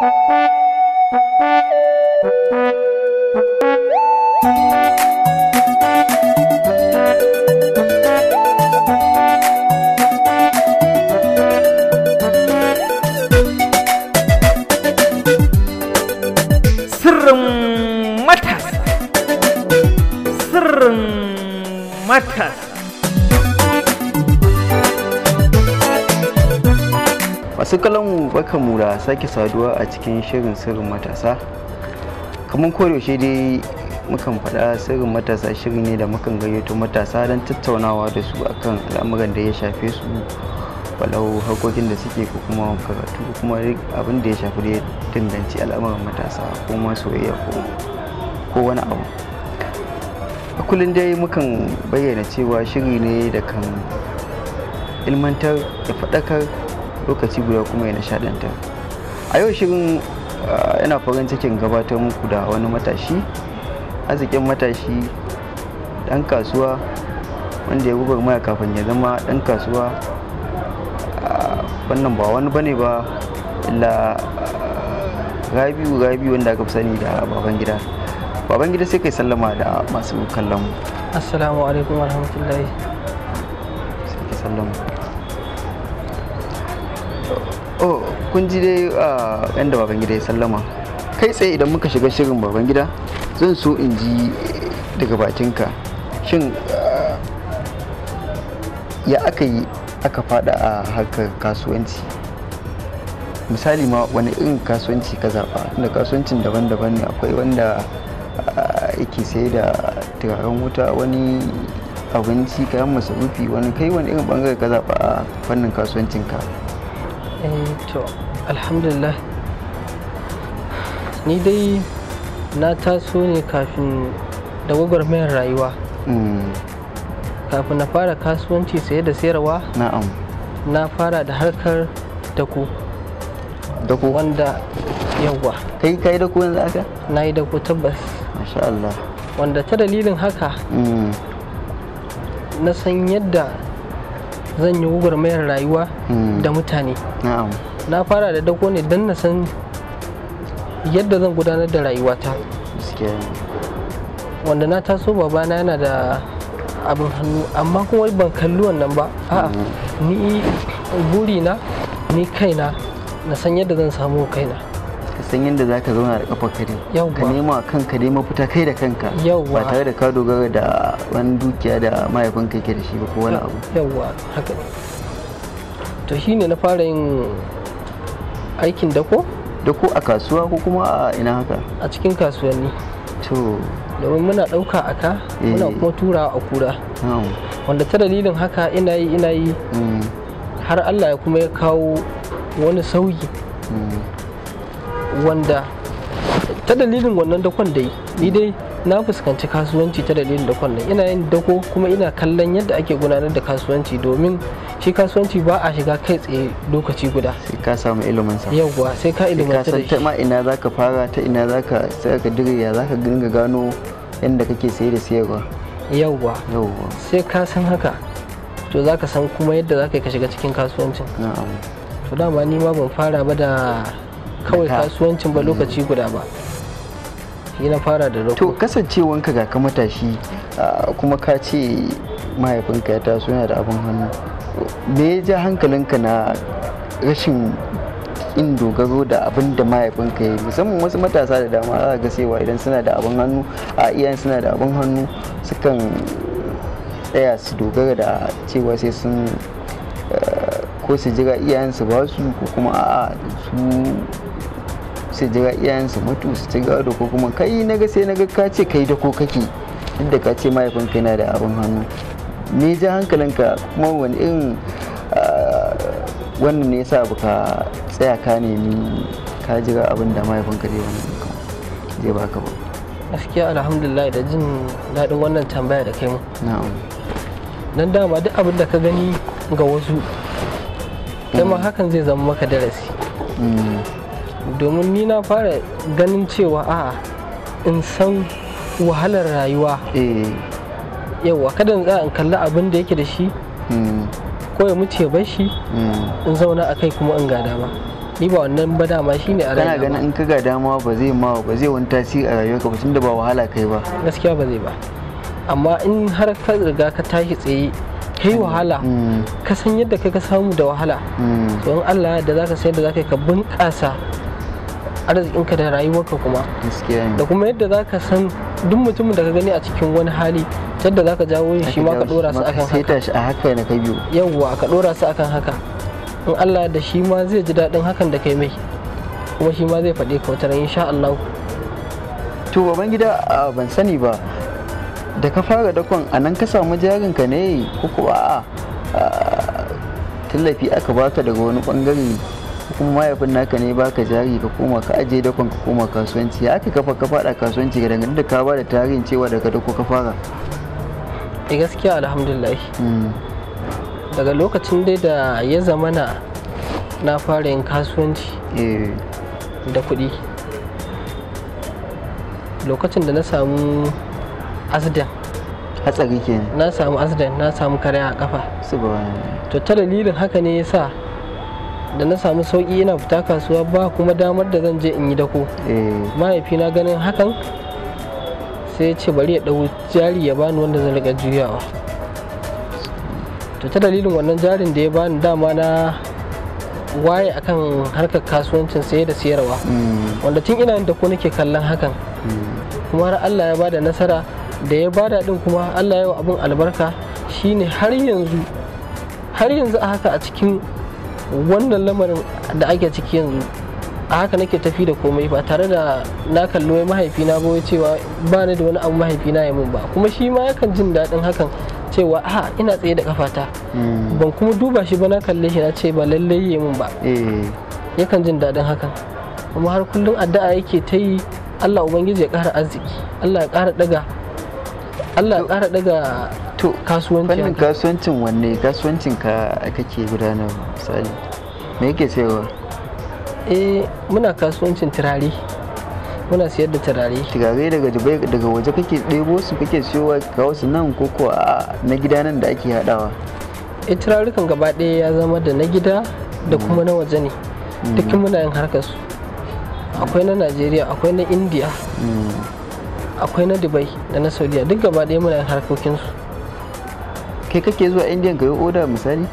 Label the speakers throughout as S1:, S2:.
S1: Música sake saduwa a cikin shirin sirrin matasa kamar kodayaushe dai mukan faɗa sirrin matasa shiri ne da mukan gayyato matasa don tattaunawa da su akan al'amuran da ya shafe su walau harkokin da suke ko kuma karatu ko kuma abin da ya shafi da ya danganci al'amuran matasa ko ma soyayya ko wani abu a kullum dai mukan bayyana cewa shiri ne da kan ilmantar da faɗakar lokaci guda kuma ya nishadantar a yau shirin yana farin cikin gabatar muku da wani matashi arzikin matashi dan kasuwa wanda ya gubar maya kafin ya zama dan kasuwa wannan ba wani bane ba illa rabiu rabiu wanda aka fi sani da baban gida baban gida sai kai sallama da masu kallon
S2: assalamu alaikum warahmatullahi
S1: sai kai sallama kun ji dai ah, yan da babangida ya sallama kai tsaye idan muka shiga shirin babangida zan so in ji daga bakinka shin ah, ya aka yi aka fada a harkar kasuwanci misali ma wani irin kasuwanci ka zaɓa da kasuwancin daban-daban ne akwai wanda ah, yake sai da turaren wuta wani abinci kayan masarufi wani kai wani irin bangare ka zaɓa a fannin kasuwancinka
S2: Eh, to alhamdulillah ni dai na taso ne kafin da gwagwarmayar rayuwa mm. kafin na fara kasuwanci saye da sayarwa na fara da harkar dako dako wanda yawwa kai kai dako yanzu haka na yi dako tabbas masha Allah wanda ta dalilin haka mm. na san yadda zan yi gwagwarmayar rayuwa hmm. da mutane na fara da dako ne don na san yadda zan gudanar da rayuwata wanda na taso babana yana da abin hannu amma kuma ban kalli wannan ba a'a hmm. ni burina ni kaina na san yadda zan samu kaina
S1: san yadda za ka zauna da kafar kare ka nema kanka dai mafita kai da kanka ba tare da ka dogara da wani dukiya da mahaifinka yake da shi ba ko
S2: wani abu yawwa haka to ne na fara yin aikin dako dako a kasuwa ko kuma a ina haka a cikin kasuwanni to domin muna ɗauka a ka muna eh. kuma tura a kura wanda ta dalilin haka ina yi ina yi mm. har allah ya kuma ya kawo wani sauyi mm. wanda ta dalilin wannan dakon da yi ni dai na fuskanci kasuwanci ta dalilin dakon nan ina yin dako kuma ina kallon yadda ake gudanar da kasuwanci domin shi kasuwanci ba a shiga kai tsaye lokaci guda sai ka samu ilimin
S1: sa yawwa sai ka ilimin ta ta ma ina zaka fara ta ina zaka sai ka dirya zaka dinga gano yadda kake saye da sayarwa yawwa yawwa
S2: sai ka san haka to zaka san kuma yadda zaka ka shiga cikin kasuwancin na'am to dama ni ma ban fara ba da kawai kasuwancin ba lokaci hmm. guda ba shi na fara da rako
S1: to kasancewanka ga ka matashi kuma ka ce mahaifinka ya taso yana da abin hannu me ya ja hankalinka na rashin in dogaro da abin da mahaifinka ya yi musamman wasu matasa da dama za ga cewa idan suna da abin hannu a iyayen suna da abin hannu sukan tsaya su dogara da cewa sai sun ko su jira iyayen su ba su ko kuma a'a su su jira iyayen su mutu su ci gado ko kuma kai na ga sai na ga ka ce kai da ko kake duk da ka ce mahaifin kai yana da abun hannu me ja hankalinka kuma wani irin ah, wannan ne yasa baka tsaya ka nemi ka jira abin da mahaifinka zai wani zai baka ba
S2: gaskiya alhamdulillah da jin daɗin wannan tambaya da kai mu na'am dan dama duk abin da ka gani ga wasu kuma mm. hakan zai zama maka darasi
S1: mm.
S2: domin ni na fara ganin cewa a in san wahalar rayuwa eh. yawa kada in in kalli abin da yake da shi hmm. ko ya muce bar shi hmm. in zauna a kai kuma in ga dama ni ba wannan ba dama ne a rayuwa kana ganin in
S1: ka ga dama ba zai ma ba zai wani tasiri a ka ba tunda ba
S2: wahala kai ba gaskiya ba zai ba amma in har ka riga ka tashi tsaye kai wahala hmm. ka san yadda ka samu da wahala to in Allah da zaka san yadda zaka ka bunƙasa arzikinka da rayuwarka kuma da kuma yadda za ka san duk mutumin da ka gani a cikin wani hali yadda za ka jawo shi ma ka dora su akan haka a na ka biyu yawwa ka dora su akan haka in Allah da shi ma zai ji daɗin hakan da kai mai kuma shi ma zai faɗi ka wata insha Allah
S1: to baban gida ban sani ba da ka fara dakon a nan ka samu jarin ka ne ko kuwa a tallafi aka baka daga wani bangare kuma mahaifin naka ne baka jari ka koma ka aje dakon ka koma kasuwanci ya aka kafa ka fada kasuwanci ga dangane da ka ba da tarihin cewa daga dako ka fara
S2: e gaskiya alhamdulillah hmm. daga lokacin dai da ya zamana na fara yin kasuwanci eh. da kuɗi lokacin da na samu asidan.
S1: hatsari kenan
S2: na samu asidan na samu kare a kafa to ta dalilin haka ne ya sa da na samu sauki yana fita kasuwa ba kuma damar da zan je in yi dako eh. mahaifina ganin hakan sai ya ce bari ya ɗau jari ya bani wanda zan riƙa juyawa to ta dalilin wannan jarin da ya bani dama na waye akan harkar kasuwancin saye da sayarwa hmm. wanda tun ina da ko nake kallon hakan hmm. kuma har Allah ya bada nasara da ya bada din kuma Allah ya wa abin albarka shine har yanzu har yanzu a haka a cikin wannan lamarin da ake ciki yanzu a haka nake tafi da komai ba tare da na kalli wai mahaifina ba wai cewa ba ni da wani abu mahaifina ya mun ba kuma shi ma yakan jin daɗin hakan cewa a ina tsaye da kafata hmm. ban kuma duba shi ba na kalle shi na ce ba lallai ya mun ba eh. yakan jin daɗin hakan kuma har kullum addu'a yake ta yi Allah Ubangiji ya ƙara arziki Allah ya ƙara ɗaga Allah ƙara daga
S1: to kasuwanci fannin kasuwancin wanne kasuwancin ka kake gudanarwa misali me yake sayarwa
S2: eh muna kasuwancin turare
S1: muna siyar da turare turare daga dubai daga waje kake ɗebo su kake siyowa ga wasu nan ko ko a na gida nan da ake haɗawa
S2: eh turarukan gaba ɗaya ya zama da na gida da mm. kuma na waje ne dukkan mm. muna yin harkar su akwai na najeriya akwai na indiya
S1: mm.
S2: akwai na dubai da na saudiya duk gaba ɗaya muna harkokinsu kai kake zuwa indiya ka yi oda misali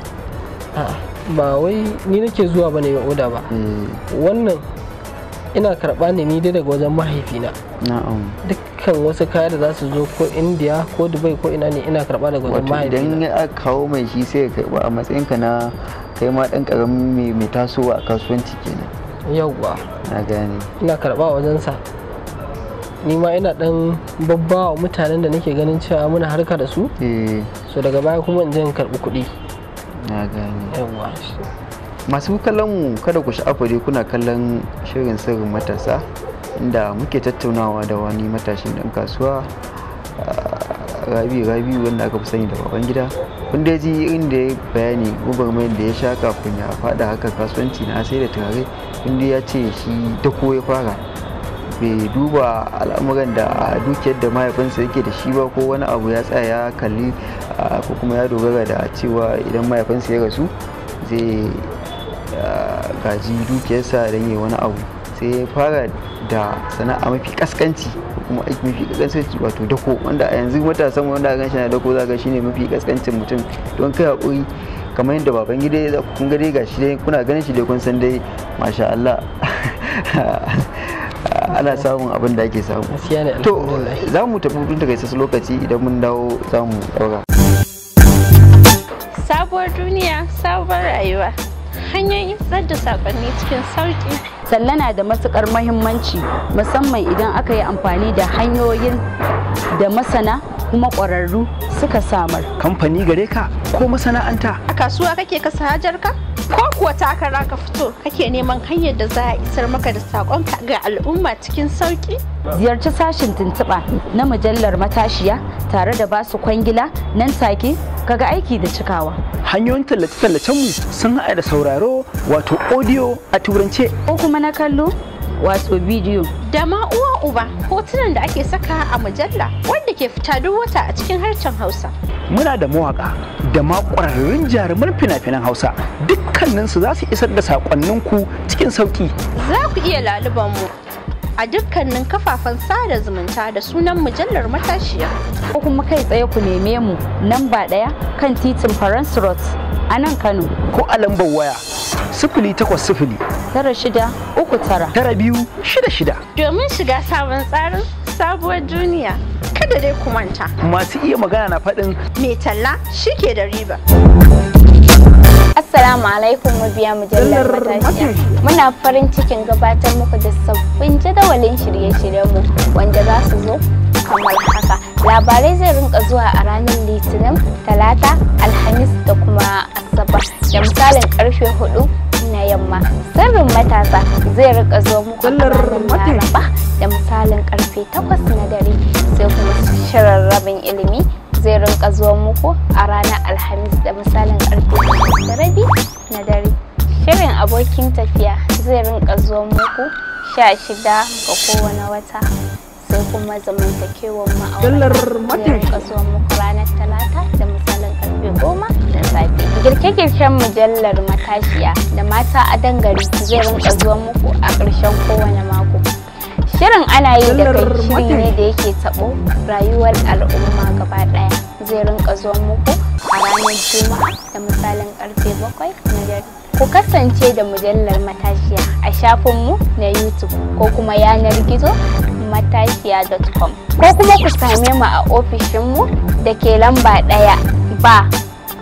S2: ba wai ni nake zuwa ba ne oda ba wannan ina karɓa ne ni dai daga wajen mahaifina dukkan wasu kaya da za su zo ko indiya ko dubai ko ina ne ina karɓa daga wajen mahaifina idan ya kawo
S1: mai shi sai ya karɓa a matsayinka na kai ma ɗan ƙaramin mai tasowa a kasuwanci kenan yauwa na gane
S2: ina karɓa wajensa nima ina dan babba wa mutanen da nake ganin cewa muna harka da su eh. so daga baya kuma in je in karbi kuɗi
S1: na gani masu kallon mu kada ku sha'afa dai kuna kallon shirin sirrin matasa inda muke tattaunawa da wani matashin dan kasuwa ah, rabi rabi wanda aka fi sani da baban gida kun dai ji irin da ya bayani mai da ya sha kafin ya fada haka kasuwanci na sai da turare kun ya ce shi ta ya fara bai duba al'amuran da dukiyar da mahaifinsa yake da shi ba ko wani abu ya tsaya ya kalli ko kuma ya dogara da cewa idan mahaifinsa ya rasu zai gaji dukiyarsa don yi wani abu sai ya fara da sana'a mafi kaskanci kuma aiki mafi kaskanci wato dako wanda a yanzu matasan wanda a ganshi na dako za ga shine mafi kaskancin mutum don kai hakuri kamar yadda baban gida kun ga dai gashi dai kuna ganin shi dai kun san dai masha Allah ana samun abin da ake samu to za mu tafi daga sassu lokaci idan mun dawo za mu
S3: sabuwar duniya sabuwar rayuwa hanyoyin tsar da sakonni cikin sauki sallana da matukar mahimmanci musamman idan aka yi amfani da hanyoyin da masana kuma ƙwararru suka samar kamfani gare ka ko masana'anta a kasuwa kake kasa ka? ko kuwa takara ka fito kake neman hanyar da za a isar maka da saƙonka ga al'umma cikin sauƙi? ziyarci sashin tuntuɓa na mujallar matashiya tare da basu kwangila nan take kaga aiki da cikawa. Hanyoyin tallace-tallacenmu sun haɗa da sauraro wato audio a turance. Ko kuma na kallo wato bidiyo da ma uwa uba hotunan da ake saka a mujalla wanda ke fita duk wata a cikin harshen hausa muna da mawaka da ma ƙwararrun jaruman fina-finan hausa dukkaninsu za su isar da saƙonninku cikin sauƙi za ku iya laluban mu a dukkanin kafafen sada zumunta da sunan mujallar matashiya ko kuma kai tsaye ku neme mu nan ba ɗaya kan titin faransu a nan kano ko a lambar waya sifili takwas sifili tara shida uku tara tara biyu shida shida domin shiga sabon tsarin sabuwar duniya kada dai kumanta. masu iya magana na faɗin mai talla shi ke da riba Assalamu alaikum mabiya mujallar matashiya. Muna farin cikin gabatar muku da sabbin jadawalin shirye-shiryenmu wanda za su zo kamar haka. Labarai zai rinka zuwa a ranar Litinin, Talata, Alhamis da kuma Asabar da misalin karfe hudu na yamma sirrin matasa zai rika zo muku laraba da misalin karfe 8 na dare sai kuma shirin rabin ilimi zai rinka zuwa muku a ranar alhamis da misalin karfe da rabi na dare shirin abokin tafiya zai rinka zuwa muku sha shida ga kowane wata sai kuma zamantakewar ma'aurata zai rinka zuwa muku ranar talata da misalin karfe goma da safe. Girke-girken mujallar matashiya da mata a dangare zai rinka zuwa muku a ƙarshen kowane mako. Shirin ana yi da kai shiri ne da yake taɓo rayuwar al'umma gaba ɗaya zai rinka zuwa muku a ranar Juma'a da misalin karfe bakwai na dare. ku kasance da mujallar matashiya a shafinmu na youtube ko kuma yanar gizo matashiya.com ko kuma ku same mu a ofishinmu da ke lamba ɗaya ba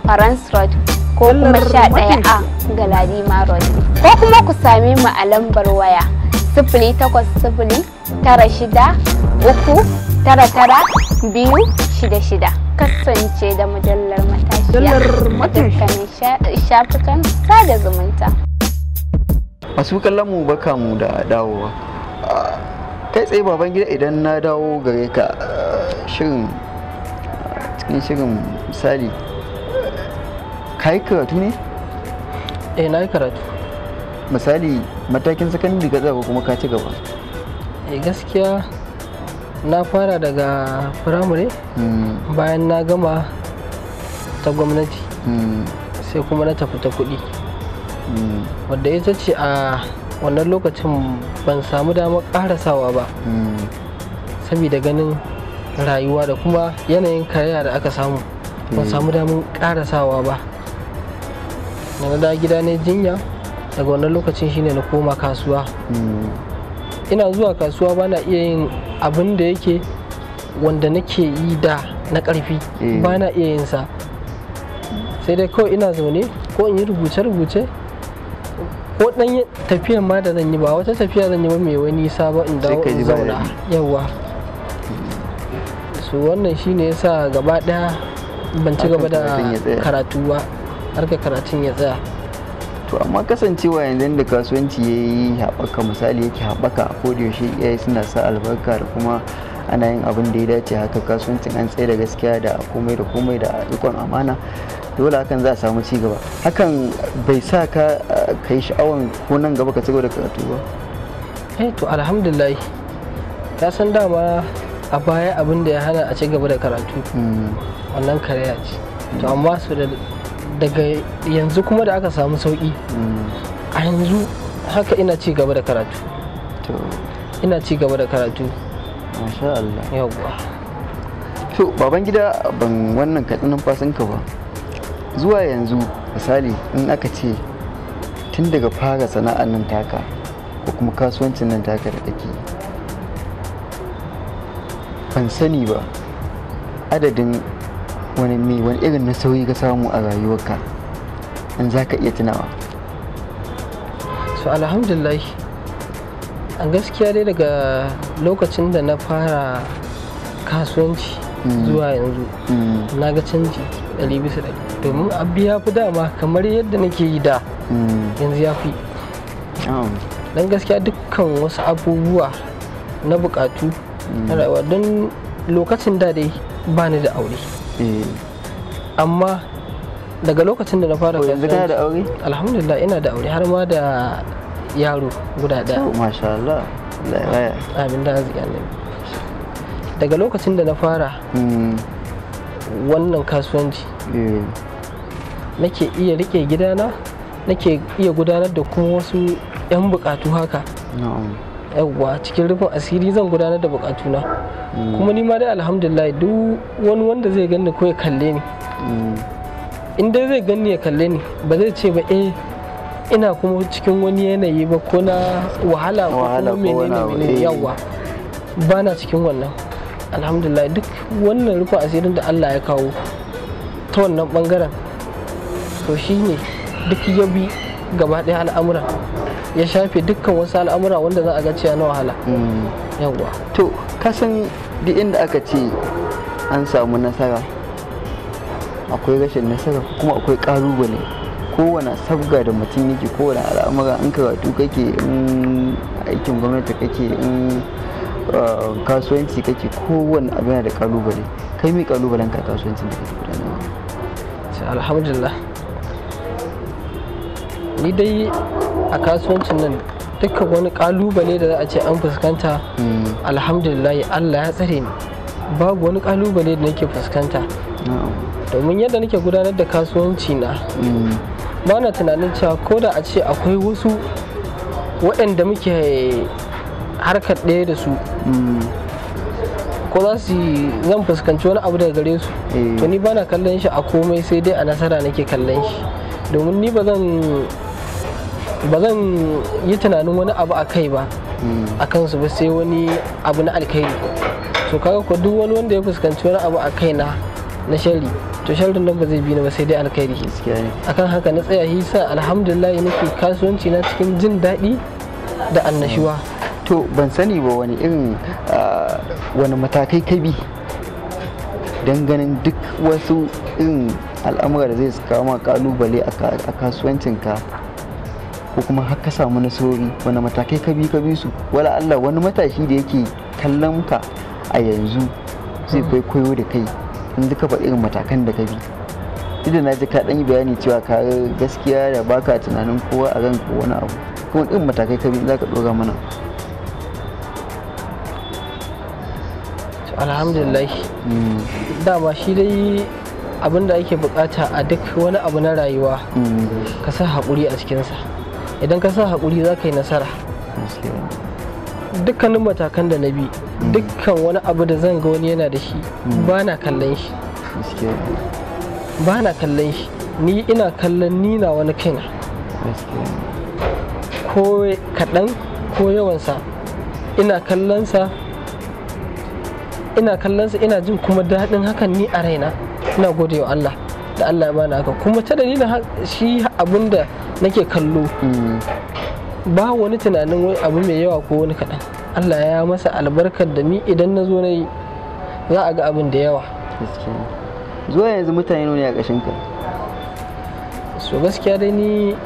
S3: farans road ko kuma sha ɗaya a galadima road ko kuma ku sami mu a lambar waya sifili takwas sifili tara kasance da mujallar matashiya a shafukan sada zumunta
S1: masu kallon mu baka mu da dawowa kai tsaye baban gida idan na dawo gare ka shirin cikin shirin misali ka yi karatu ne?
S2: eh na yi karatu
S1: misali matakin sakandare ka zaba kuma ka ci gaba
S2: eh gaskiya na fara daga firamare hmm. bayan na gama ta gwamnati hmm. sai kuma na tafi ta kuɗi
S1: hmm.
S2: wadda ita ce a wannan lokacin ban samu damar karasawa ba saboda ganin rayuwa da kuma yanayin kariya da aka samu Hmm. Ba samu damin karasawa ba na da gida ne jinya daga wannan lokacin shine na koma kasuwa hmm. ina zuwa kasuwa ba na iya yin abin da yake wanda nake yi da na karfi hmm. ba na iya yin sa sai dai kawai ina zaune ko in yi rubuce-rubuce ko dan tafiyar ma da zan yi ba wata tafiya zan yi ba mai wani nisa ba in dawo in zauna yawa su wannan shine yasa gaba daya ban ci gaba da karatu ba harkar karatun ya tsaya
S1: to amma kasancewa yanzu da kasuwanci ya yi haɓaka misali yake haɓaka ko da yaushe iyaye suna sa albarka da kuma ana yin abin da ya dace haka kasuwancin an tsaye da gaskiya da komai da komai da ikon amana dole hakan za a samu ci gaba hakan bai sa ka eh, ka yi sha'awan ko nan gaba ka ci gaba da karatu
S2: ba eh to alhamdulillah ka san dama a baya abin da ya hana a ci gaba da karatu mm. wannan karaya ce to mm. amma su da daga yanzu kuma da aka samu sauki mm. a yanzu haka ina ci gaba da karatu ina ci gaba da karatu masha Allah yawwa
S1: to baban gida ban wannan fasin numfasinka ba zuwa yanzu misali in aka ce tun daga fara sana'ar nan taka ko kuma kasuwancin nan taka da kake ban sani ba adadin wani mai wani irin na sauyi ka samu a rayuwarka in za ka iya tunawa
S2: so alhamdulillah a gaskiya dai daga lokacin da na fara kasuwanci mm. zuwa yanzu mm. na ga canji ɗari bisa ɗari domin abu ya fi dama kamar yadda nake yi da mm. yanzu ya fi dan gaskiya dukkan wasu abubuwa na buƙatu na rayuwa don lokacin da dai ba ni da aure eh. amma daga lokacin da na fara yanzu kana da aure alhamdulillah ina da aure har ma da yaro guda daya masha Allah amin da arziki annabi daga lokacin da na fara hmm. wannan kasuwanci eh. nake iya rike gidana nake iya gudanar da kuma wasu 'yan bukatu haka yawwa cikin rufin asiri zan gudanar da bukatuna mm. kuma ni ma dai alhamdulillah duk wani wanda zai ganni ko ya kalle ni mm. in dai zai ganni ya kalle ni ba zai ce ba eh ina kuma cikin wani yanayi ba ko na wahala ko kuma menene eh. yawwa ba na cikin wannan alhamdulillah duk wannan rufin asirin da Allah ya kawo ta wannan bangaren to shine duk ya bi gaba ɗaya al'amuran ya shafe dukkan wasu al'amura wanda za a ga cewa na wahala mm. yawwa to kasan duk inda
S1: aka ce an samu nasara akwai rashin nasara kuma akwai ƙalubale kowane sabga da mutum yake kowane al'amura in karatu kake in aikin gwamnati kake in uh, kasuwanci kake kowane
S2: abu yana da ƙalubale kai mai ƙalubalen ka kasuwancin da kake gudanarwa alhamdulillah ni dai a kasuwancin nan duka wani kalubale da za a ce an fuskanta hmm. alhamdulillah allah ya tsare ni babu wani kalubale da nake fuskanta domin yadda nake gudanar da kasuwanci na hmm. ba na tunanin cewa ko da a ce akwai wasu waɗanda muke harkar ɗaya da su hmm. ko za su zan fuskanci wani abu daga gare su eh. to ni ba na kallon shi a komai sai dai a nasara nake kallon shi domin ni ba zan ba zan yi tunanin wani abu a kai ba a kansu ba sai wani abu na alkhairi to kaga ko duk wani wanda ya fuskanci wani abu a kai na na sharri to sharrin nan ba zai bi na ba sai dai alkhairi akan haka na tsaya hisa alhamdulillah nake kasuwanci na cikin jin daɗi
S1: da annashuwa to ban sani ba wani irin wani matakai ka bi don ganin duk wasu irin al'amura da zai kawo kama kalubale a kasuwancinka ko kuma har ka samu nasarori wani matakai ka bi ka bi su wala Allah wani matashi da yake kallon ka a yanzu zai mm. kwaikwayo da kai in duka faɗi irin matakan da ka bi idan na ji ka ɗan yi bayani cewa ka gaskiya da baka tunanin kowa a ranka wani abu kuma irin matakai ka bi
S2: za ka ɗora mana
S1: alhamdulillah mm.
S2: dama shi dai abin da ake bukata a duk wani abu na rayuwa mm. ka sa haƙuri a cikinsa idan ka sa haƙuri za ka yi nasara dukkanin matakan da na bi hmm. dukkan wani abu da zan ga wani yana da shi hmm. ba na kallon shi ba na kallon shi ni ina kallon ni na wani kaina ko kaɗan ko yawansa ina kallonsa ina kallonsa ina jin kuma daɗin hakan ni a raina ina gode wa Allah da Allah ya bani haka kuma ta dalilin shi abinda nake kallo ba wani tunanin wai abu mai yawa ko wani kaɗan allah ya masa albarkar da ni idan na zo na za a ga abin da yawa zuwa yanzu mutane ne a ƙashin ka so gaskiya dai ni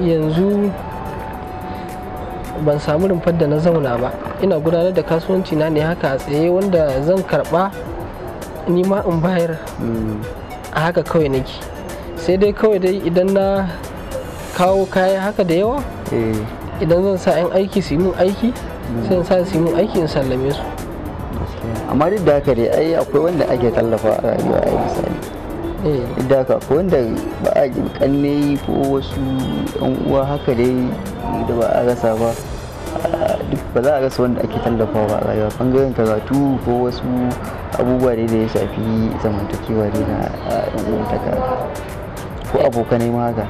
S2: yanzu ban samu rumfar da na zauna ba ina gudanar da kasuwanci na ne haka a tsaye wanda zan karɓa ni ma in bayar hmm. a haka kawai nake sai dai kawai dai idan na kawo kayan haka da yawa eh. idan zan sa 'yan aiki su yi min aiki mm. sai sa su yi min aiki in sallame su
S1: amma duk da haka dai ai akwai wanda ake tallafa a rayuwa a misali eh. duk da haka akwai wanda ba a kanne ko wasu yan uwa haka dai da ba a rasa ba duk ba za a rasa wanda ake tallafa ba a rayuwa bangaren karatu ko wasu abubuwa dai da ya shafi zamantakewa dai na yan uwa ko abokanai ma haka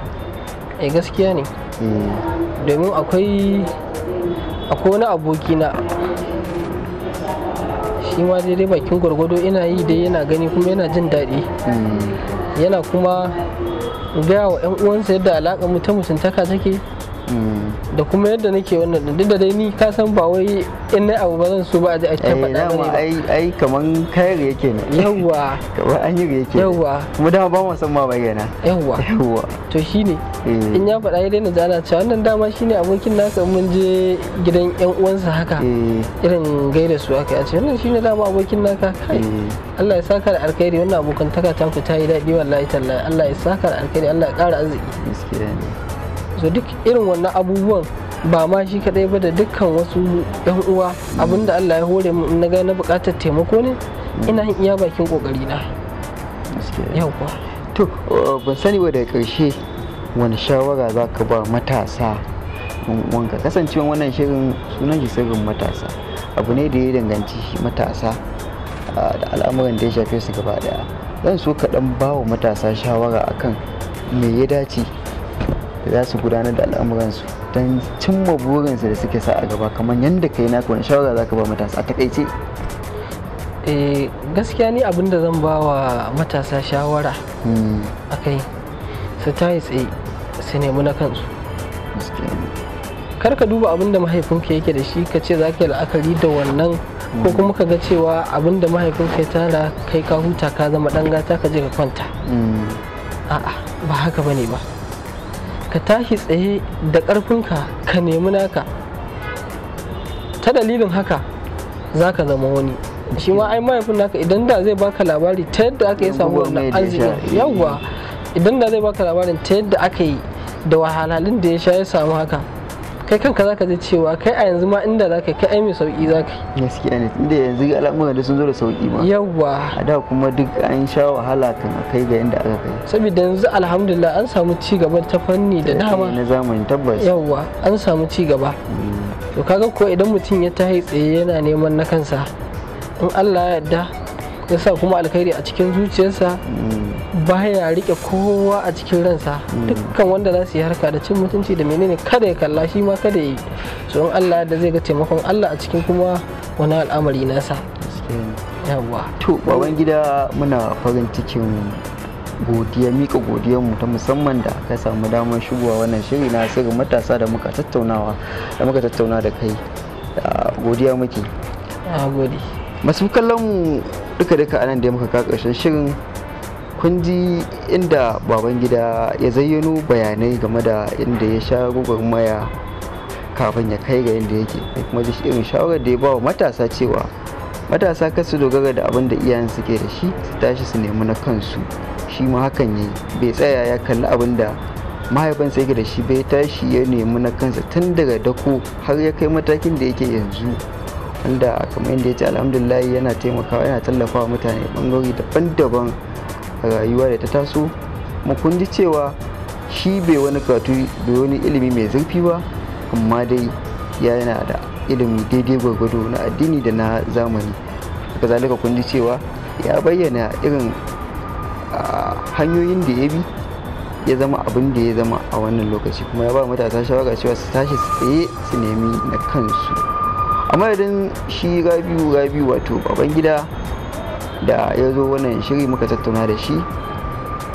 S2: eh gaskiya ne mm. domin akwai akwai wani abokina shi ma daidai bakin gwargwado ina yi dai yana gani kuma yana jin daɗi mm. yana kuma gaya wa 'yan uwansa yadda alaƙa mu ta mutuntaka take da kuma yadda nake wannan duk da dai ni ka san ba wai in na abu ba zan so ba a ji a ta eh, faɗa ba ai
S1: ai kaman kai yake ne. Yawwa. kaman an yi yake kenan yawa kuma dama ba mu san ma ba Yawwa.
S2: yawa yawa to shine eh. in ya faɗa ya daina jana cewa wannan dama shine abokin nasa mun je gidan yan uwansa haka eh. irin gaida su haka a ce wannan shine dama abokin naka Allah ya saka da alkhairi wannan abokan taka ta ku ta yi daɗi wallahi tallahi Allah ya saka da alkhairi Allah ya ƙara arziki gaskiya ne so duk irin wannan abubuwan ba ma shi kadai ba da dukkan wasu yan uwa abinda Allah ya hore mu na ga na bukatar taimako ne ina yin iya bakin kokari na yauwa to ban sani ba
S1: daga karshe wani shawara za ka ba matasa wanka kasancewa wannan shirin sunan shi sirrin matasa abu ne da ya danganci matasa da al'amuran da ya shafe su gaba daya zan so kaɗan ba wa matasa shawara akan me ya dace da za su gudanar da al'amuransu don cimma burinsu da suke sa a gaba kamar yadda kai naka wani shawara za ka ba matasa a takaice
S2: eh, gaskiya ni abin da zan ba wa matasa shawara hmm. a kai su yi tsaye su nemi na kansu kar ka duba abin da mahaifinka yake da shi ka ce za ka yi la'akari da wannan ko hmm. kuma ka ga cewa abin da mahaifinka ya tara kai ka huta ka zama ɗan gata ka je ka kwanta hmm. a'a ba haka bane ba ka tashi tsaye da ƙarfinka ka nemi naka ta dalilin haka za ka zama wani shi ma ai mahaifin naka idan da zai baka labari ta yadda aka yi samu wannan arziki eh. yawwa idan da zai baka labarin ta yadda aka yi da wahalhalun da ya sha ya samu haka kai kanka zaka ji cewa kai a yanzu ma inda zaka kai ai mai sauki zaka yi gaskiya ne inda yanzu al'amuran da sun zo da sauki ma yawa a da kuma duk an sha wahala kan a kai ga inda aka kai saboda yanzu alhamdulillah an samu ci gaba ta fanni da dama na
S1: zamani tabbas
S2: yawa an samu ci gaba
S1: mm.
S2: to kaga ko idan mutum ya tahi tsaye yana neman na kansa in Allah ya yarda ya sa kuma alkhairi a cikin zuciyarsa mm. baya rike kowa a cikin ransa hmm. dukkan wanda za su yi harka da cin mutunci da menene kada ya kalla shi ma kada ya yi so in Allah da zai ga taimakon Allah a cikin kuma wani al'amari nasa yawa
S1: to baban gida muna farin cikin godiya mika godiyarmu ta musamman da ka samu damar shigowa wannan shiri na sirrin matasa da muka tattaunawa da muka tattauna da kai godiya muke gode masu kallon mu duka-duka anan da muka ka karshen shirin kun ji inda baban gida ya zayyano bayanai game da inda ya sha maya kafin ya kai ga inda yake kuma ji irin shawarar da ya ba wa matasa cewa matasa kar su dogara da abin da iyayen suke da shi su tashi su nemi na kansu shi ma hakan yi bai tsaya ya kalli abin da mahaifinsa yake da shi bai tashi ya nemi na kansa tun daga dako har ya kai matakin da yake yanzu wanda kamar yadda ya ce alhamdulillah yana taimakawa yana tallafawa mutane bangare daban-daban a rayuwa da ta taso mu kun cewa shi bai wani karatu bai wani ilimi mai zurfi ba amma dai ya yana da ilimi daidai gwargwado na addini da na zamani haka zalika kun cewa ya bayyana irin hanyoyin da ya bi ya zama abin da ya zama a wannan lokaci kuma ya ba matasa shawara cewa su tashi su tsaye su nemi na kansu amma idan shi rabiu rabiu wato babangida. gida da ya zo wannan shiri muka tattauna da shi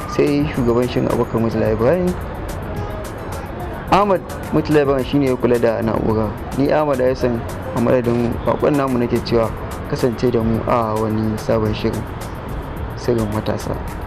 S1: sai shugaban shirin abokan mutula ibrahim ahmad mutula ibrahim shine ya kula da na'ura ni ahmad ya san a madadin bakon namu nake cewa kasance da mu a wani sabon shirin sirrin matasa